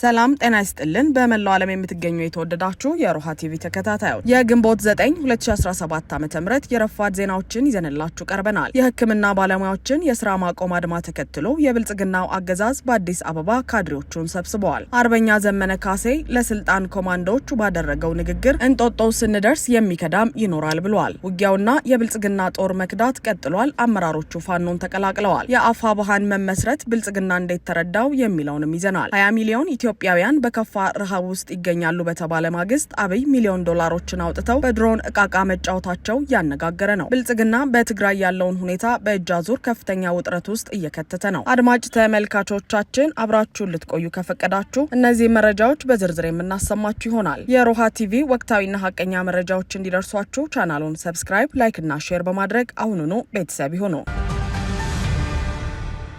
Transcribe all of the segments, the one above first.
ሰላም ጤና ይስጥልን። በመላው ዓለም የምትገኙ የተወደዳችሁ የሮሃ ቲቪ ተከታታዮች የግንቦት 9 2017 ዓ ም የረፋድ ዜናዎችን ይዘንላችሁ ቀርበናል። የሕክምና ባለሙያዎችን የስራ ማቆም አድማ ተከትሎ የብልጽግናው አገዛዝ በአዲስ አበባ ካድሬዎቹን ሰብስበዋል። አርበኛ ዘመነ ካሴ ለስልጣን ኮማንዶዎቹ ባደረገው ንግግር እንጦጦ ስንደርስ የሚከዳም ይኖራል ብሏል። ውጊያውና የብልጽግና ጦር መክዳት ቀጥሏል። አመራሮቹ ፋኖን ተቀላቅለዋል። የአፋ ባሃን መመስረት ብልጽግና እንዴት ተረዳው የሚለውንም ይዘናል። 20 ሚሊዮን ኢትዮጵያውያን በከፋ ረሃብ ውስጥ ይገኛሉ በተባለ ማግስት አብይ ሚሊዮን ዶላሮችን አውጥተው በድሮን እቃቃ መጫወታቸው ያነጋገረ ነው። ብልጽግና በትግራይ ያለውን ሁኔታ በእጅ አዙር ከፍተኛ ውጥረት ውስጥ እየከተተ ነው። አድማጭ ተመልካቾቻችን አብራችሁን ልትቆዩ ከፈቀዳችሁ እነዚህ መረጃዎች በዝርዝር የምናሰማችሁ ይሆናል። የሮሃ ቲቪ ወቅታዊና ሀቀኛ መረጃዎች እንዲደርሷችሁ ቻናሉን ሰብስክራይብ፣ ላይክ እና ሼር በማድረግ አሁኑኑ ቤተሰብ ይሁኑ።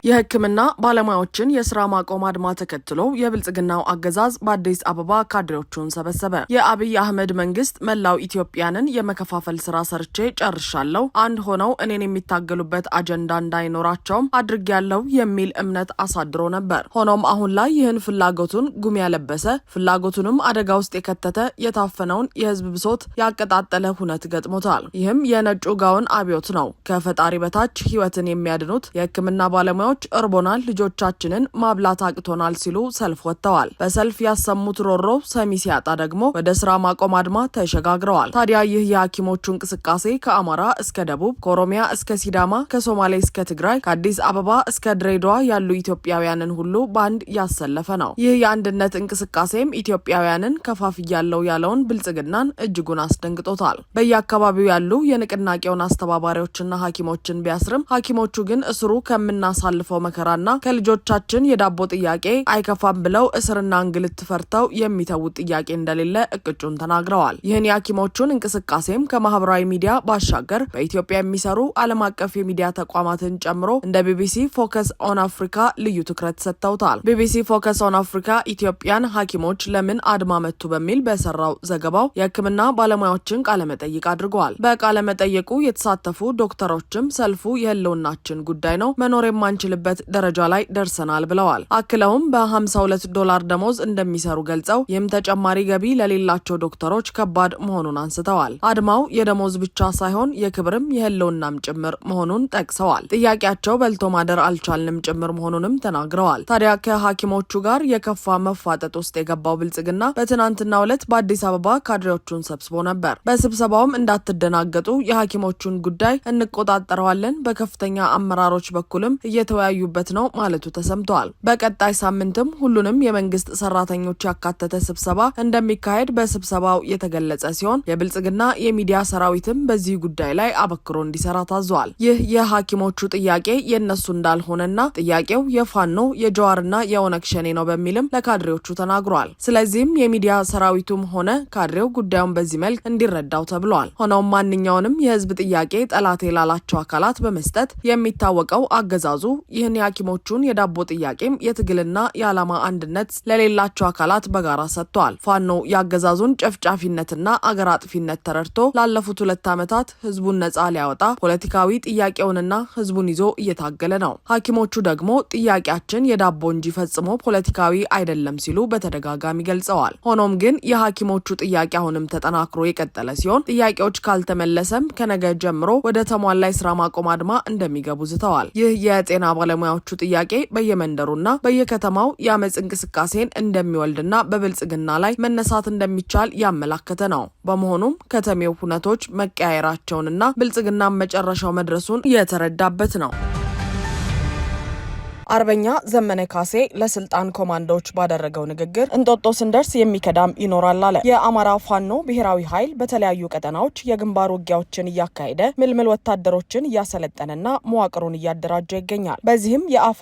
የሕክምና ባለሙያዎችን የስራ ማቆም አድማ ተከትሎ የብልጽግናው አገዛዝ በአዲስ አበባ ካድሬዎቹን ሰበሰበ። የአብይ አህመድ መንግስት መላው ኢትዮጵያንን የመከፋፈል ስራ ሰርቼ ጨርሻለሁ፣ አንድ ሆነው እኔን የሚታገሉበት አጀንዳ እንዳይኖራቸውም አድርጌያለሁ የሚል እምነት አሳድሮ ነበር። ሆኖም አሁን ላይ ይህን ፍላጎቱን ጉም ያለበሰ ፍላጎቱንም አደጋ ውስጥ የከተተ የታፈነውን የህዝብ ብሶት ያቀጣጠለ ሁነት ገጥሞታል። ይህም የነጩ ጋውን አብዮት ነው። ከፈጣሪ በታች ህይወትን የሚያድኑት የህክምና ባለሙያዎች ሰዎች እርቦናል፣ ልጆቻችንን ማብላት አቅቶናል ሲሉ ሰልፍ ወጥተዋል። በሰልፍ ያሰሙት ሮሮ ሰሚ ሲያጣ ደግሞ ወደ ስራ ማቆም አድማ ተሸጋግረዋል። ታዲያ ይህ የሐኪሞቹ እንቅስቃሴ ከአማራ እስከ ደቡብ፣ ከኦሮሚያ እስከ ሲዳማ፣ ከሶማሌ እስከ ትግራይ፣ ከአዲስ አበባ እስከ ድሬዳዋ ያሉ ኢትዮጵያውያንን ሁሉ በአንድ ያሰለፈ ነው። ይህ የአንድነት እንቅስቃሴም ኢትዮጵያውያንን ከፋፍያለው ያለውን ብልጽግናን እጅጉን አስደንግጦታል። በየአካባቢው ያሉ የንቅናቄውን አስተባባሪዎችና ሐኪሞችን ቢያስርም ሐኪሞቹ ግን እስሩ ከምናሳል የምናሳልፈው መከራና ከልጆቻችን የዳቦ ጥያቄ አይከፋም ብለው እስርና እንግልት ፈርተው የሚተዉት ጥያቄ እንደሌለ እቅጩን ተናግረዋል። ይህን የሐኪሞቹን እንቅስቃሴም ከማህበራዊ ሚዲያ ባሻገር በኢትዮጵያ የሚሰሩ ዓለም አቀፍ የሚዲያ ተቋማትን ጨምሮ እንደ ቢቢሲ ፎከስ ኦን አፍሪካ ልዩ ትኩረት ሰጥተውታል። ቢቢሲ ፎከስ ኦን አፍሪካ ኢትዮጵያን ሐኪሞች ለምን አድማ መቱ በሚል በሰራው ዘገባው የሕክምና ባለሙያዎችን ቃለመጠይቅ አድርገዋል። በቃለመጠየቁ የተሳተፉ ዶክተሮችም ሰልፉ የህልውናችን ጉዳይ ነው መኖር የማንችል የምንችልበት ደረጃ ላይ ደርሰናል ብለዋል። አክለውም በ52 ዶላር ደሞዝ እንደሚሰሩ ገልጸው ይህም ተጨማሪ ገቢ ለሌላቸው ዶክተሮች ከባድ መሆኑን አንስተዋል። አድማው የደሞዝ ብቻ ሳይሆን የክብርም የህልውናም ጭምር መሆኑን ጠቅሰዋል። ጥያቄያቸው በልቶ ማደር አልቻልንም ጭምር መሆኑንም ተናግረዋል። ታዲያ ከሐኪሞቹ ጋር የከፋ መፋጠጥ ውስጥ የገባው ብልጽግና በትናንትናው ዕለት በአዲስ አበባ ካድሬዎቹን ሰብስቦ ነበር። በስብሰባውም እንዳትደናገጡ የሐኪሞቹን ጉዳይ እንቆጣጠረዋለን፣ በከፍተኛ አመራሮች በኩልም እየተወ የተወያዩበት ነው ማለቱ ተሰምተዋል። በቀጣይ ሳምንትም ሁሉንም የመንግስት ሰራተኞች ያካተተ ስብሰባ እንደሚካሄድ በስብሰባው የተገለጸ ሲሆን የብልጽግና የሚዲያ ሰራዊትም በዚህ ጉዳይ ላይ አበክሮ እንዲሰራ ታዟል። ይህ የሐኪሞቹ ጥያቄ የእነሱ እንዳልሆነና ጥያቄው የፋኖ የጀዋርና የኦነግ ሸኔ ነው በሚልም ለካድሬዎቹ ተናግሯል። ስለዚህም የሚዲያ ሰራዊቱም ሆነ ካድሬው ጉዳዩን በዚህ መልክ እንዲረዳው ተብሏል። ሆነውም ማንኛውንም የህዝብ ጥያቄ ጠላቴ ላላቸው አካላት በመስጠት የሚታወቀው አገዛዙ ይህን የሐኪሞቹን የዳቦ ጥያቄም የትግልና የዓላማ አንድነት ለሌላቸው አካላት በጋራ ሰጥተዋል። ፋኖ የአገዛዙን ጨፍጫፊነትና አገር አጥፊነት ተረድቶ ላለፉት ሁለት ዓመታት ህዝቡን ነጻ ሊያወጣ ፖለቲካዊ ጥያቄውንና ህዝቡን ይዞ እየታገለ ነው። ሐኪሞቹ ደግሞ ጥያቄያችን የዳቦ እንጂ ፈጽሞ ፖለቲካዊ አይደለም ሲሉ በተደጋጋሚ ገልጸዋል። ሆኖም ግን የሐኪሞቹ ጥያቄ አሁንም ተጠናክሮ የቀጠለ ሲሆን ጥያቄዎች ካልተመለሰም ከነገ ጀምሮ ወደ ተሟላ የስራ ማቆም አድማ እንደሚገቡ ዝተዋል። ይህ የጤና ባለሙያዎቹ ጥያቄ በየመንደሩና በየከተማው የአመፅ እንቅስቃሴን እንደሚወልድና በብልጽግና ላይ መነሳት እንደሚቻል ያመላከተ ነው። በመሆኑም ከተሜው ሁነቶች መቀያየራቸውንና ብልጽግና መጨረሻው መድረሱን የተረዳበት ነው። አርበኛ ዘመነ ካሴ ለስልጣን ኮማንዶዎች ባደረገው ንግግር እንጦጦ ስንደርስ የሚከዳም ይኖራል አለ። የአማራ ፋኖ ብሔራዊ ኃይል በተለያዩ ቀጠናዎች የግንባር ውጊያዎችን እያካሄደ ምልምል ወታደሮችን እያሰለጠነና መዋቅሩን እያደራጀ ይገኛል። በዚህም የአፋ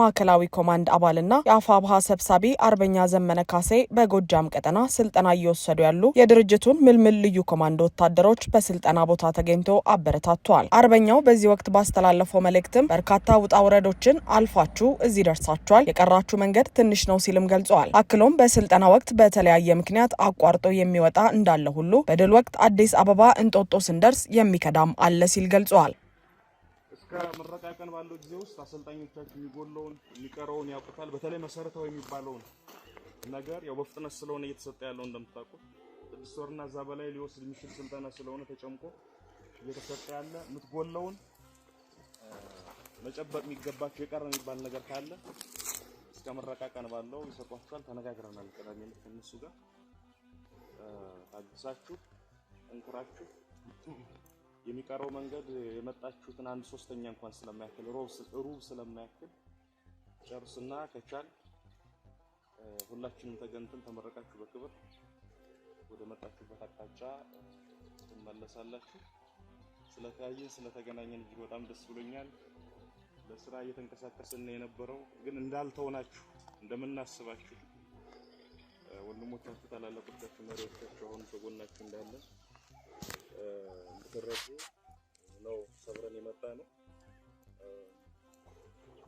ማዕከላዊ ኮማንድ አባልና የአፋ ብሃ ሰብሳቢ አርበኛ ዘመነ ካሴ በጎጃም ቀጠና ስልጠና እየወሰዱ ያሉ የድርጅቱን ምልምል ልዩ ኮማንዶ ወታደሮች በስልጠና ቦታ ተገኝቶ አበረታቷል። አርበኛው በዚህ ወቅት ባስተላለፈው መልእክትም በርካታ ውጣ ውረዶችን አልፏል ብዙዎቻችሁ እዚህ ደርሳችኋል፣ የቀራችሁ መንገድ ትንሽ ነው ሲልም ገልጸዋል። አክሎም በስልጠና ወቅት በተለያየ ምክንያት አቋርጦ የሚወጣ እንዳለ ሁሉ በድል ወቅት አዲስ አበባ እንጦጦ ስንደርስ የሚከዳም አለ ሲል ገልጸዋል። እስከ ምረቃ ቀን ባለው ጊዜ ውስጥ አሰልጣኞቻችን የሚጎለውን የሚቀረውን ያውቁታል። በተለይ መሰረታዊ የሚባለውን ነገር ያው በፍጥነት ስለሆነ እየተሰጠ ያለው እንደምታውቁት ስድስት ወርና እዛ በላይ ሊወስድ የሚችል ስልጠና ስለሆነ ተጨምቆ እየተሰጠ ያለ የምትጎለውን መጨበጥ የሚገባቸው የቀረ የሚባል ነገር ካለ እስከ ምረቃ ቀን ባለው ይሰጧችኋል። ተነጋግረናል። ቅዳሜ ዕለት ከእነሱ ጋር ታግሳችሁ እንኩራችሁ የሚቀረው መንገድ የመጣችሁትን አንድ ሶስተኛ እንኳን ስለማያክል ሩብ ስለማያክል ጨርስና ከቻል ሁላችንም ተገንትን ተመረቃችሁ በክብር ወደ መጣችሁበት አቅጣጫ ትመለሳላችሁ። ስለተያየን ስለተገናኘን እጅግ በጣም ደስ ብሎኛል። ለስራ እየተንቀሳቀስን የነበረው ግን እንዳልተውናችሁ እንደምናስባችሁ ወንድሞቻችሁ፣ ታላላቆቻችሁ፣ መሪዎቻችሁ አሁን ከጎናችሁ እንዳለ እንድትረዱ ነው ሰብረን የመጣ ነው።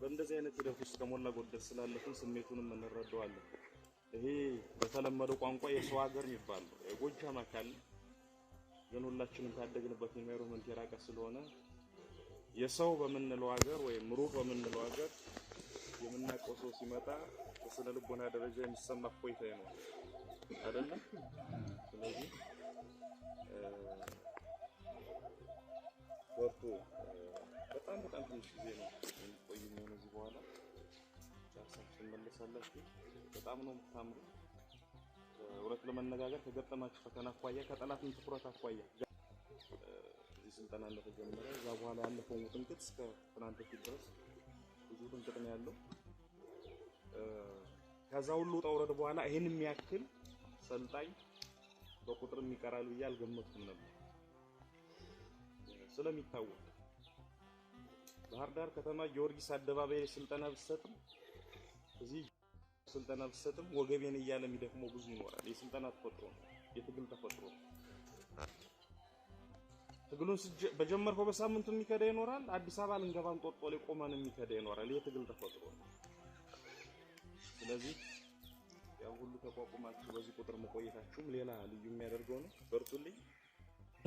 በእንደዚህ አይነት ሂደት ውስጥ ከሞላ ጎደል ስላለፍን ስሜቱንም እንረዳዋለን። ይሄ በተለመደው ቋንቋ የሰው ሀገር የሚባል ነው። የጎጃም አካል ግን ሁላችንም ካደግንበት ኢንቫይሮንመንት የራቀ ስለሆነ የሰው በምንለው ሀገር ወይም ሩህ በምንለው ሀገር የምናውቀው ሰው ሲመጣ በስነ ልቦና ደረጃ የሚሰማ ቆይታ ነው አይደለም። ስለዚህ ወርቱ በጣም በጣም ትንሽ ጊዜ ነው የሚቆይ የሚሆን እዚህ በኋላ ራሳችን መለሳላችሁ። በጣም ነው የምታምሩ። እውነት ለመነጋገር ከገጠማችሁ ፈተና አኳያ ከጠላትም ትኩረት አኳያ ስልጠና እንደተጀመረ እዛ በኋላ ያለፈው ውጥንቅጥ እስከ ትናንት በፊት ድረስ ብዙ ውጥንቅጥ ነው ያለው። ከዛ ሁሉ ውጣ ውረድ በኋላ ይህን የሚያክል ሰልጣኝ በቁጥር የሚቀራል ብዬ አልገመትኩም ነበር። ስለሚታወቅ ባህር ዳር ከተማ ጊዮርጊስ አደባባይ ስልጠና ብሰጥም እዚህ ስልጠና ብሰጥም ወገቤን እያለ የሚደክመው ብዙ ይኖራል። የስልጠና ተፈጥሮ ነው፣ የትግል ተፈጥሮ ነው። ትግሉን በጀመርከው በሳምንቱ የሚከዳ ይኖራል። አዲስ አበባ ልንገባን ጦጦ ላይ ቆመን የሚከዳ ይኖራል። ይህ ትግል ተፈጥሮ ነው። ስለዚህ ያው ሁሉ ተቋቁማችሁ በዚህ ቁጥር መቆየታችሁም ሌላ ልዩ የሚያደርገው ነው። በርቱልኝ።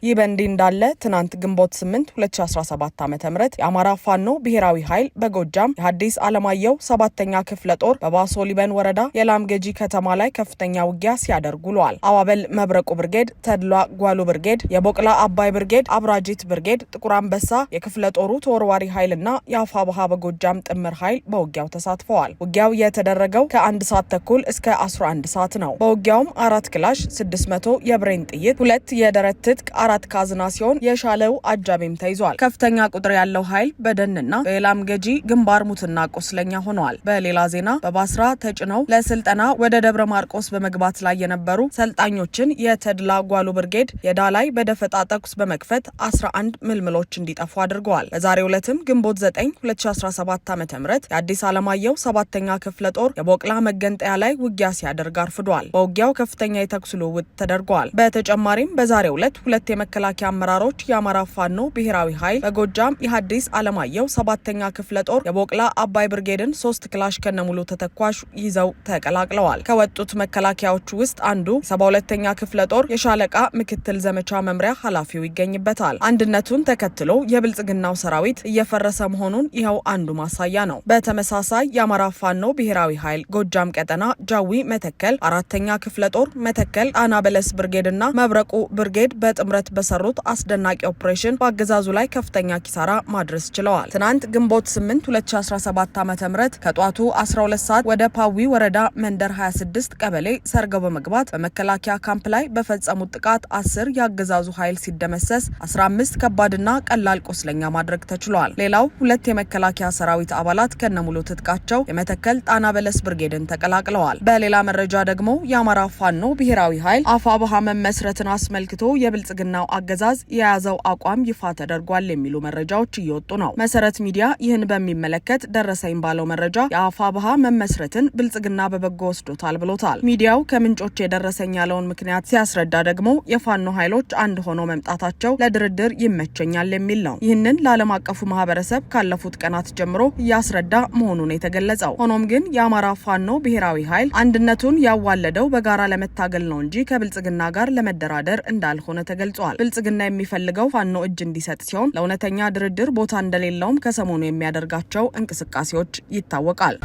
ይህ በእንዲህ እንዳለ ትናንት ግንቦት 8 2017 ዓ ም የአማራ ፋኖ ብሔራዊ ኃይል በጎጃም የሀዲስ አለማየሁ ሰባተኛ ክፍለ ጦር በባሶ ሊበን ወረዳ የላም ገጂ ከተማ ላይ ከፍተኛ ውጊያ ሲያደርጉ ውለዋል። አዋበል መብረቁ ብርጌድ፣ ተድሏ ጓሉ ብርጌድ፣ የቦቅላ አባይ ብርጌድ፣ አብራጂት ብርጌድ፣ ጥቁር አንበሳ የክፍለ ጦሩ ተወርዋሪ ኃይልና የአፋ ባሃ በጎጃም ጥምር ኃይል በውጊያው ተሳትፈዋል። ውጊያው የተደረገው ከአንድ ሰዓት ተኩል እስከ 11 ሰዓት ነው። በውጊያውም አራት ክላሽ፣ 600 የብሬን ጥይት፣ ሁለት የደረት ትጥቅ አራት ካዝና ሲሆን የሻለው አጃቢም ተይዟል። ከፍተኛ ቁጥር ያለው ኃይል በደንና በኤላም ገጂ ግንባር ሙትና ቆስለኛ ሆነዋል። በሌላ ዜና በባስራ ተጭነው ለስልጠና ወደ ደብረ ማርቆስ በመግባት ላይ የነበሩ ሰልጣኞችን የተድላ ጓሉ ብርጌድ የዳላይ በደፈጣ ተኩስ በመክፈት 11 ምልምሎች እንዲጠፉ አድርገዋል። በዛሬው ዕለትም ግንቦት 9 2017 ዓ ም የአዲስ አለማየሁ ሰባተኛ ክፍለ ጦር የቦቅላ መገንጠያ ላይ ውጊያ ሲያደርግ አርፍዷል። በውጊያው ከፍተኛ የተኩስ ልውውጥ ተደርገዋል። በተጨማሪም በዛሬው ዕለት ሁለት የመከላከያ አመራሮች የአማራ ፋኖ ብሔራዊ ኃይል በጎጃም የሀዲስ አለማየሁ ሰባተኛ ክፍለ ጦር የቦቅላ አባይ ብርጌድን ሶስት ክላሽ ከነሙሉ ተተኳሽ ይዘው ተቀላቅለዋል። ከወጡት መከላከያዎች ውስጥ አንዱ ሰባ ሁለተኛ ክፍለ ጦር የሻለቃ ምክትል ዘመቻ መምሪያ ኃላፊው ይገኝበታል። አንድነቱን ተከትሎ የብልጽግናው ሰራዊት እየፈረሰ መሆኑን ይኸው አንዱ ማሳያ ነው። በተመሳሳይ የአማራ ፋኖ ብሔራዊ ኃይል ጎጃም ቀጠና ጃዊ መተከል አራተኛ ክፍለ ጦር መተከል አናበለስ ብርጌድና መብረቁ ብርጌድ በጥምረት በሰሩት አስደናቂ ኦፕሬሽን በአገዛዙ ላይ ከፍተኛ ኪሳራ ማድረስ ችለዋል። ትናንት ግንቦት 8 2017 ዓ ም ከጧቱ 12 ሰዓት ወደ ፓዊ ወረዳ መንደር 26 ቀበሌ ሰርገው በመግባት በመከላከያ ካምፕ ላይ በፈጸሙት ጥቃት 10 የአገዛዙ ኃይል ሲደመሰስ 15 ከባድና ቀላል ቆስለኛ ማድረግ ተችሏል። ሌላው ሁለት የመከላከያ ሰራዊት አባላት ከነሙሉ ትጥቃቸው የመተከል ጣና በለስ ብርጌድን ተቀላቅለዋል። በሌላ መረጃ ደግሞ የአማራ ፋኖ ብሔራዊ ኃይል አፋ ባሃ መመስረትን አስመልክቶ የብልጽግና የብልጽግናው አገዛዝ የያዘው አቋም ይፋ ተደርጓል የሚሉ መረጃዎች እየወጡ ነው። መሰረት ሚዲያ ይህን በሚመለከት ደረሰኝ ባለው መረጃ የአፋ ባሃ መመስረትን ብልጽግና በበጎ ወስዶታል ብሎታል። ሚዲያው ከምንጮች የደረሰኝ ያለውን ምክንያት ሲያስረዳ ደግሞ የፋኖ ኃይሎች አንድ ሆኖ መምጣታቸው ለድርድር ይመቸኛል የሚል ነው። ይህንን ለዓለም አቀፉ ማህበረሰብ ካለፉት ቀናት ጀምሮ እያስረዳ መሆኑን የተገለጸው። ሆኖም ግን የአማራ ፋኖ ብሔራዊ ኃይል አንድነቱን ያዋለደው በጋራ ለመታገል ነው እንጂ ከብልጽግና ጋር ለመደራደር እንዳልሆነ ተገልጿል። ገልጿል። ብልጽግና የሚፈልገው ፋኖ እጅ እንዲሰጥ ሲሆን ለእውነተኛ ድርድር ቦታ እንደሌለውም ከሰሞኑ የሚያደርጋቸው እንቅስቃሴዎች ይታወቃል።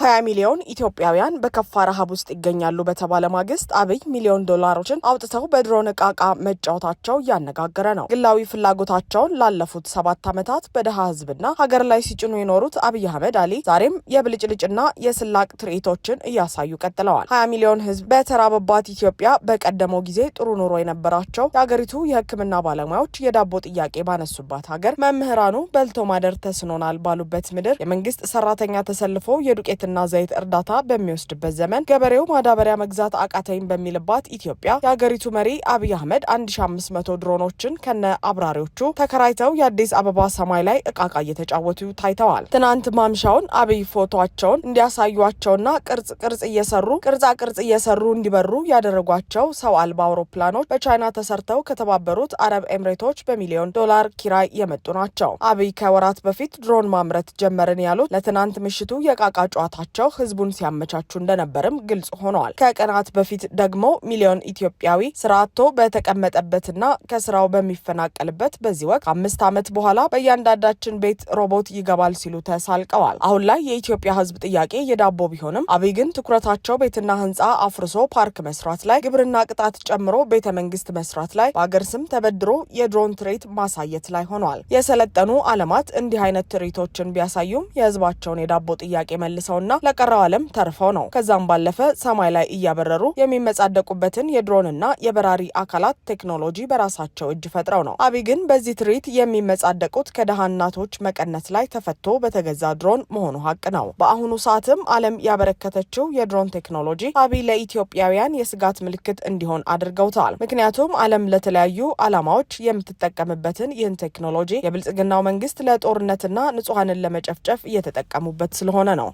20 ሚሊዮን ኢትዮጵያውያን በከፋ ረሃብ ውስጥ ይገኛሉ በተባለ ማግስት አብይ ሚሊዮን ዶላሮችን አውጥተው በድሮን እቃቃ መጫወታቸው እያነጋገረ ነው። ግላዊ ፍላጎታቸውን ላለፉት ሰባት ዓመታት በደሃ ህዝብና ሀገር ላይ ሲጭኑ የኖሩት አብይ አህመድ አሊ ዛሬም የብልጭልጭና የስላቅ ትርኢቶችን እያሳዩ ቀጥለዋል። 20 ሚሊዮን ህዝብ በተራበባት ኢትዮጵያ በቀደመው ጊዜ ጥሩ ኑሮ የነበራቸው የሀገሪቱ የህክምና ባለሙያዎች የዳቦ ጥያቄ ባነሱባት ሀገር መምህራኑ በልቶ ማደር ተስኖናል ባሉበት ምድር የመንግስት ሰራተኛ ተሰልፎ የዱቄት የምርትና ዘይት እርዳታ በሚወስድበት ዘመን ገበሬው ማዳበሪያ መግዛት አቃተኝ በሚልባት ኢትዮጵያ የአገሪቱ መሪ አብይ አህመድ 1500 ድሮኖችን ከነ አብራሪዎቹ ተከራይተው የአዲስ አበባ ሰማይ ላይ እቃቃ እየተጫወቱ ታይተዋል። ትናንት ማምሻውን አብይ ፎቶቸውን እንዲያሳዩቸውና ቅርጽ ቅርጽ እየሰሩ ቅርጻ ቅርጽ እየሰሩ እንዲበሩ ያደረጓቸው ሰው አልባ አውሮፕላኖች በቻይና ተሰርተው ከተባበሩት አረብ ኤምሬቶች በሚሊዮን ዶላር ኪራይ የመጡ ናቸው። አብይ ከወራት በፊት ድሮን ማምረት ጀመርን ያሉት ለትናንት ምሽቱ የእቃቃ ጨዋታ በመስራታቸው ህዝቡን ሲያመቻቹ እንደነበርም ግልጽ ሆነዋል። ከቀናት በፊት ደግሞ ሚሊዮን ኢትዮጵያዊ ስራ አጥቶ በተቀመጠበትና ከስራው በሚፈናቀልበት በዚህ ወቅት አምስት ዓመት በኋላ በእያንዳንዳችን ቤት ሮቦት ይገባል ሲሉ ተሳልቀዋል። አሁን ላይ የኢትዮጵያ ህዝብ ጥያቄ የዳቦ ቢሆንም አብይ ግን ትኩረታቸው ቤትና ህንፃ አፍርሶ ፓርክ መስራት ላይ፣ ግብርና ቅጣት ጨምሮ ቤተ መንግስት መስራት ላይ፣ በአገር ስም ተበድሮ የድሮን ትርኢት ማሳየት ላይ ሆኗል። የሰለጠኑ ዓለማት እንዲህ አይነት ትርኢቶችን ቢያሳዩም የህዝባቸውን የዳቦ ጥያቄ መልሰው እና ለቀረው ዓለም ተርፈው ነው። ከዛም ባለፈ ሰማይ ላይ እያበረሩ የሚመጻደቁበትን የድሮንና የበራሪ አካላት ቴክኖሎጂ በራሳቸው እጅ ፈጥረው ነው። አቢ ግን በዚህ ትርኢት የሚመጻደቁት ከደሃ እናቶች መቀነት ላይ ተፈቶ በተገዛ ድሮን መሆኑ ሀቅ ነው። በአሁኑ ሰዓትም ዓለም ያበረከተችው የድሮን ቴክኖሎጂ አቢ ለኢትዮጵያውያን የስጋት ምልክት እንዲሆን አድርገውታል። ምክንያቱም ዓለም ለተለያዩ ዓላማዎች የምትጠቀምበትን ይህን ቴክኖሎጂ የብልጽግናው መንግስት ለጦርነትና ንጹሐንን ለመጨፍጨፍ እየተጠቀሙበት ስለሆነ ነው።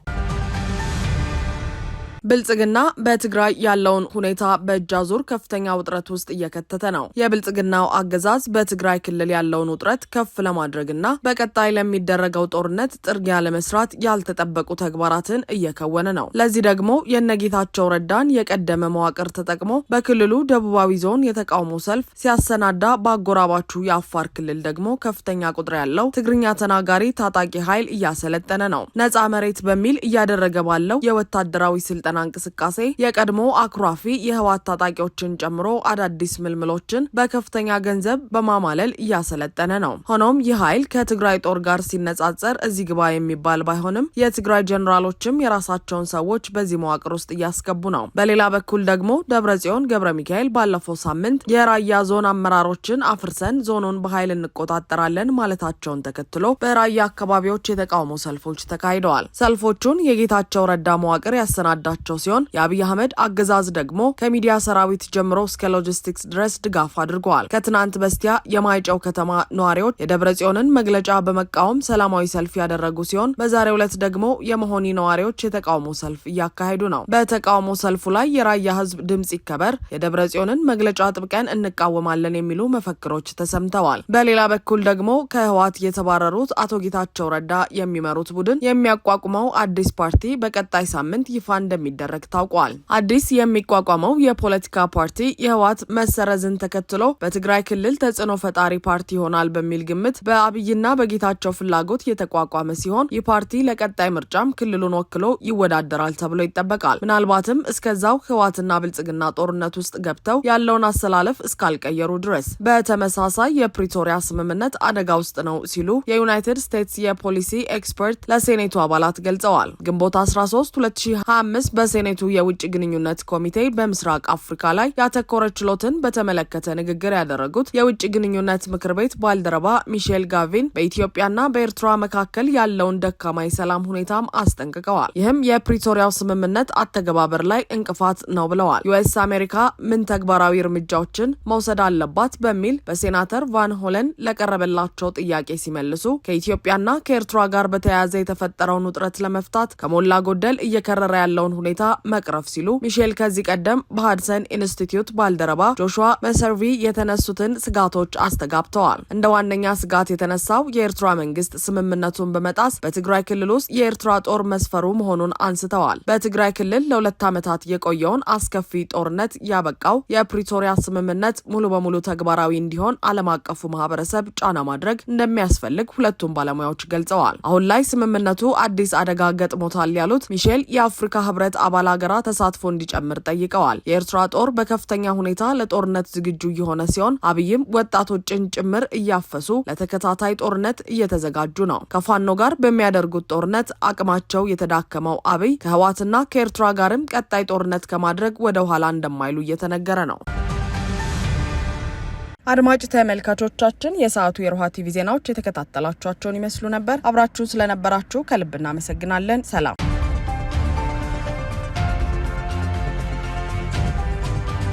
ብልጽግና በትግራይ ያለውን ሁኔታ በእጅ አዙር ከፍተኛ ውጥረት ውስጥ እየከተተ ነው። የብልጽግናው አገዛዝ በትግራይ ክልል ያለውን ውጥረት ከፍ ለማድረግና በቀጣይ ለሚደረገው ጦርነት ጥርጊያ ለመስራት ያልተጠበቁ ተግባራትን እየከወነ ነው። ለዚህ ደግሞ የነጌታቸው ረዳን የቀደመ መዋቅር ተጠቅሞ በክልሉ ደቡባዊ ዞን የተቃውሞ ሰልፍ ሲያሰናዳ፣ በአጎራባቹ የአፋር ክልል ደግሞ ከፍተኛ ቁጥር ያለው ትግርኛ ተናጋሪ ታጣቂ ኃይል እያሰለጠነ ነው። ነጻ መሬት በሚል እያደረገ ባለው የወታደራዊ ስልጠና የቀና እንቅስቃሴ የቀድሞ አኩራፊ የህወሓት ታጣቂዎችን ጨምሮ አዳዲስ ምልምሎችን በከፍተኛ ገንዘብ በማማለል እያሰለጠነ ነው። ሆኖም ይህ ኃይል ከትግራይ ጦር ጋር ሲነጻጸር እዚህ ግባ የሚባል ባይሆንም የትግራይ ጀኔራሎችም የራሳቸውን ሰዎች በዚህ መዋቅር ውስጥ እያስገቡ ነው። በሌላ በኩል ደግሞ ደብረ ጽዮን ገብረ ሚካኤል ባለፈው ሳምንት የራያ ዞን አመራሮችን አፍርሰን ዞኑን በኃይል እንቆጣጠራለን ማለታቸውን ተከትሎ በራያ አካባቢዎች የተቃውሞ ሰልፎች ተካሂደዋል። ሰልፎቹን የጌታቸው ረዳ መዋቅር ያሰናዳቸው ያላቸው ሲሆን የአብይ አህመድ አገዛዝ ደግሞ ከሚዲያ ሰራዊት ጀምሮ እስከ ሎጂስቲክስ ድረስ ድጋፍ አድርገዋል። ከትናንት በስቲያ የማይጨው ከተማ ነዋሪዎች የደብረ ጽዮንን መግለጫ በመቃወም ሰላማዊ ሰልፍ ያደረጉ ሲሆን በዛሬው ዕለት ደግሞ የመሆኒ ነዋሪዎች የተቃውሞ ሰልፍ እያካሄዱ ነው። በተቃውሞ ሰልፉ ላይ የራያ ህዝብ ድምጽ ይከበር፣ የደብረ ጽዮንን መግለጫ ጥብቀን እንቃወማለን የሚሉ መፈክሮች ተሰምተዋል። በሌላ በኩል ደግሞ ከህወሓት የተባረሩት አቶ ጌታቸው ረዳ የሚመሩት ቡድን የሚያቋቁመው አዲስ ፓርቲ በቀጣይ ሳምንት ይፋ እንደሚ እንደሚደረግ ታውቋል። አዲስ የሚቋቋመው የፖለቲካ ፓርቲ የህወሓት መሰረዝን ተከትሎ በትግራይ ክልል ተጽዕኖ ፈጣሪ ፓርቲ ይሆናል በሚል ግምት በአብይና በጌታቸው ፍላጎት የተቋቋመ ሲሆን ይህ ፓርቲ ለቀጣይ ምርጫም ክልሉን ወክሎ ይወዳደራል ተብሎ ይጠበቃል። ምናልባትም እስከዛው ህወሓትና ብልጽግና ጦርነት ውስጥ ገብተው ያለውን አሰላለፍ እስካልቀየሩ ድረስ። በተመሳሳይ የፕሪቶሪያ ስምምነት አደጋ ውስጥ ነው ሲሉ የዩናይትድ ስቴትስ የፖሊሲ ኤክስፐርት ለሴኔቱ አባላት ገልጸዋል። ግንቦት 13 2025 በሴኔቱ የውጭ ግንኙነት ኮሚቴ በምስራቅ አፍሪካ ላይ ያተኮረ ችሎትን በተመለከተ ንግግር ያደረጉት የውጭ ግንኙነት ምክር ቤት ባልደረባ ሚሼል ጋቪን በኢትዮጵያና በኤርትራ መካከል ያለውን ደካማ የሰላም ሁኔታም አስጠንቅቀዋል። ይህም የፕሪቶሪያው ስምምነት አተገባበር ላይ እንቅፋት ነው ብለዋል። ዩኤስ አሜሪካ ምን ተግባራዊ እርምጃዎችን መውሰድ አለባት በሚል በሴናተር ቫን ሆለን ለቀረበላቸው ጥያቄ ሲመልሱ ከኢትዮጵያና ከኤርትራ ጋር በተያያዘ የተፈጠረውን ውጥረት ለመፍታት ከሞላ ጎደል እየከረረ ያለውን ሁኔታ ሁኔታ መቅረፍ ሲሉ ሚሼል ከዚህ ቀደም በሃድሰን ኢንስቲትዩት ባልደረባ ጆሹዋ መሰርቪ የተነሱትን ስጋቶች አስተጋብተዋል። እንደ ዋነኛ ስጋት የተነሳው የኤርትራ መንግስት ስምምነቱን በመጣስ በትግራይ ክልል ውስጥ የኤርትራ ጦር መስፈሩ መሆኑን አንስተዋል። በትግራይ ክልል ለሁለት ዓመታት የቆየውን አስከፊ ጦርነት ያበቃው የፕሪቶሪያ ስምምነት ሙሉ በሙሉ ተግባራዊ እንዲሆን ዓለም አቀፉ ማህበረሰብ ጫና ማድረግ እንደሚያስፈልግ ሁለቱም ባለሙያዎች ገልጸዋል። አሁን ላይ ስምምነቱ አዲስ አደጋ ገጥሞታል ያሉት ሚሼል የአፍሪካ ህብረት አባል ሀገራት ተሳትፎ እንዲጨምር ጠይቀዋል። የኤርትራ ጦር በከፍተኛ ሁኔታ ለጦርነት ዝግጁ የሆነ ሲሆን አብይም ወጣቶችን ጭምር እያፈሱ ለተከታታይ ጦርነት እየተዘጋጁ ነው። ከፋኖ ጋር በሚያደርጉት ጦርነት አቅማቸው የተዳከመው አብይ ከህዋትና ከኤርትራ ጋርም ቀጣይ ጦርነት ከማድረግ ወደ ኋላ እንደማይሉ እየተነገረ ነው። አድማጭ ተመልካቾቻችን የሰዓቱ የሮሃ ቲቪ ዜናዎች የተከታተላችኋቸውን ይመስሉ ነበር። አብራችሁን ስለነበራችሁ ከልብ እናመሰግናለን። ሰላም